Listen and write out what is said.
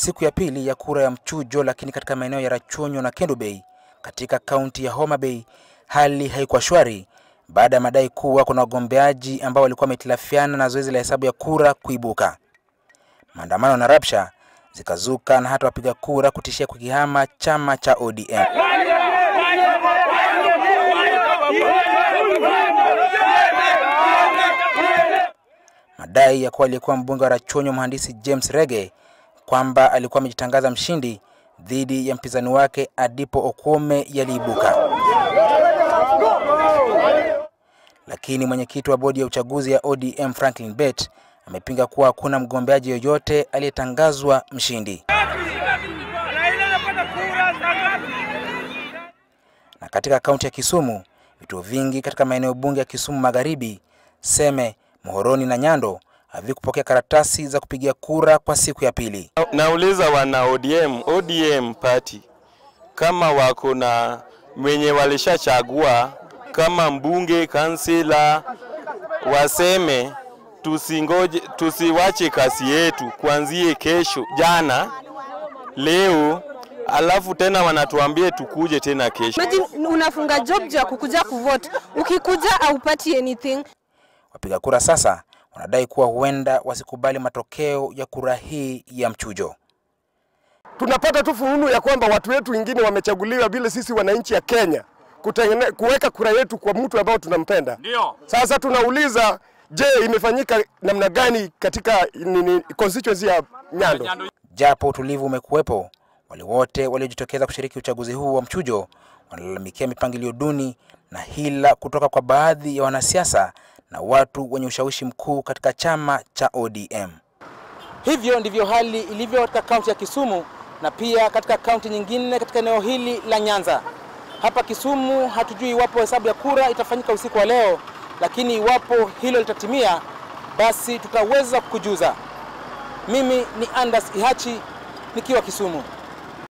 siku ya pili ya kura ya mchujo, lakini katika maeneo ya rachuonyo na Kendu Bay katika kaunti ya Homa Bay hali haikuwa shwari baada ya madai kuwa kuna wagombeaji ambao walikuwa wametilafiana na zoezi la hesabu ya kura kuibuka. Maandamano na rabsha zikazuka na hata wapiga kura kutishia kukihama chama cha ODM. Madai ya kuwa aliyekuwa mbunge wa Rachunyo mhandisi James Rege kwamba alikuwa amejitangaza mshindi dhidi ya mpinzani wake Adipo okome yaliibuka. Lakini mwenyekiti wa bodi ya uchaguzi ya ODM Franklin Bet amepinga kuwa hakuna mgombeaji yoyote aliyetangazwa mshindi. Na katika kaunti ya Kisumu, vituo vingi katika maeneo bunge ya Kisumu Magharibi, Seme, Muhoroni na Nyando havikupokea karatasi za kupigia kura kwa siku ya pili. nauliza wana ODM, ODM party kama wako na mwenye walishachagua kama mbunge, kansila, waseme tusingoje, tusiwache kasi yetu, kuanzie kesho, jana, leo alafu tena wanatuambie tukuje tena kesho. Imagine unafunga job ya kukuja kuvote, ukikuja haupati anything. Wapiga kura sasa wanadai kuwa huenda wasikubali matokeo ya kura hii ya mchujo. Tunapata tu fununu ya kwamba watu wetu wengine wamechaguliwa bila sisi wananchi ya Kenya kuweka kura yetu kwa mtu ambao tunampenda. Ndio. Sasa tunauliza je, imefanyika namna gani katika nini, constituency ya Nyando? Japo utulivu umekuwepo, wale wote waliojitokeza kushiriki uchaguzi huu wa mchujo wanalalamikia mipangilio duni na hila kutoka kwa baadhi ya wanasiasa na watu wenye ushawishi mkuu katika chama cha ODM. Hivyo ndivyo hali ilivyo katika kaunti ya Kisumu na pia katika kaunti nyingine katika eneo hili la Nyanza. Hapa Kisumu hatujui iwapo hesabu ya kura itafanyika usiku wa leo, lakini iwapo hilo litatimia, basi tutaweza kukujuza. Mimi ni Andas Ihachi nikiwa Kisumu.